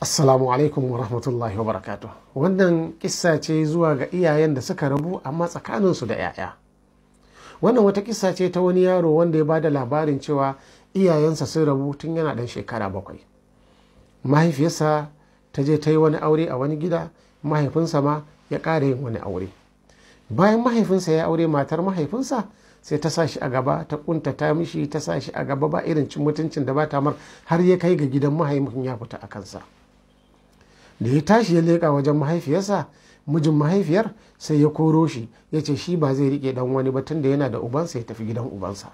Assalamu alaikum wa rahmatullahi wa barakatuh. Wannan kisa ce zuwa ga iyayen da suka rabu amma tsakaninsu da 'ya'ya. Wannan wata kissa ce ta wani yaro wanda ya ba da labarin cewa iyayensa sun rabu tun yana dan shekara bakwai. Mahaifiyarsa ta je ta yi wani aure a wani gida, mahaifinsa ma ya kara yin wani aure. Bayan mahaifinsa ya aure matar mahaifinsa sai ta sa shi a gaba ta ta mishi ta sa shi a gaba ba irin cin mutuncin da ba ta mar har ya kai ga gidan mahaifin ya fita a kansa. da ya tashi ya leƙa wajen mahaifiyarsa mijin mahaifiyar sai ya koro shi ya ce shi ba zai riƙe ɗan wani ba tun da yana da ubansa ya tafi gidan ubansa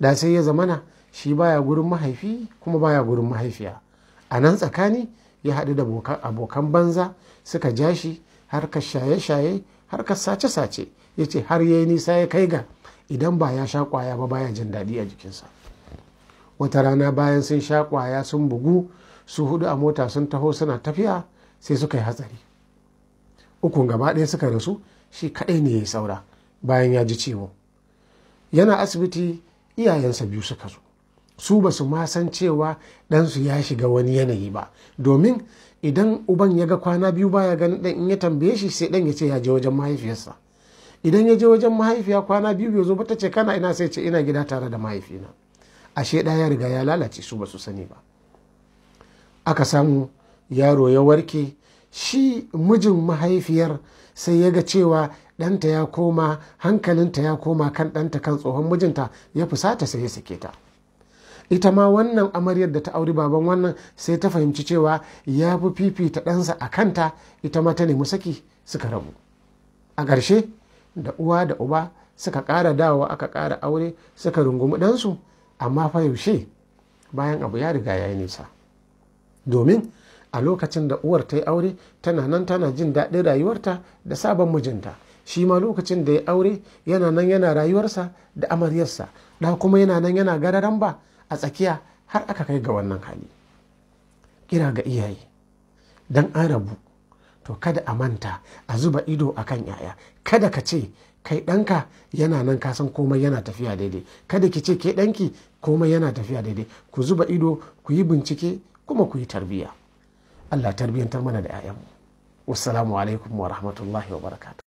da sai ya zamana shi baya gurin mahaifi kuma baya gurin mahaifiya a nan tsakani ya haɗu da abokan banza suka ja shi ka shaye-shaye har ka sace-sace ya ce har ya yi nisa ya kai ga idan ba ya sha kwaya ba baya jin daɗi a jikinsa wata rana bayan sun sha kwaya sun bugu su hudu a mota sun taho suna tafiya sai suka yi hatsari ukun gaba ɗaya suka rasu shi kaɗai ne ya yi saura bayan ya ji ciwo yana asibiti iyayensa biyu suka zo su ba su ma san cewa ɗansu ya shiga wani yanayi ba domin idan uban ya ga kwana biyu baya ganin ɗan in ya tambaye shi sai ɗan ya ce ya je wajen mahaifiyarsa idan ya je wajen mahaifiya kwana biyu bai zo ba ta ce kana ina sai ce ina gida tare da mahaifina ashe ɗaya ya riga ya lalace su ba su sani ba aka samu yaro ya warke shi mijin mahaifiyar sai ya ga cewa ɗanta ya koma hankalinta ya koma kan ɗanta kan tsohon mijinta ya fusata sai ya sake ta ita ma wannan amaryar da ta auri baban wannan sai ta fahimci cewa ya fi fifita ɗansa a kanta ita ma ta nemi saki suka rabu a ƙarshe da uwa da uba suka ƙara dawowa aka ƙara aure suka rungumi ɗansu amma fa yaushe bayan abu ya riga ya yi nisa domin a lokacin da uwar ta yi aure tana nan tana jin daɗin rayuwarta da sabon mijinta shi ma lokacin da ya aure yana nan yana rayuwarsa da amaryarsa da kuma yana nan yana gararan ba a tsakiya har aka kai ga wannan hali kira ga iyaye don an rabu to kada a manta a zuba ido a kan yaya kada ka ce kai ɗanka yana nan kasan komai yana tafiya daidai kada ki ce kai ɗanki komai yana tafiya daidai ku zuba ido ku yi bincike kuma ku yi tarbiyya Allah tarbiyantar mana da 'ya'yanmu wassalamu alaikum wa rahmatullahi wa barakatuh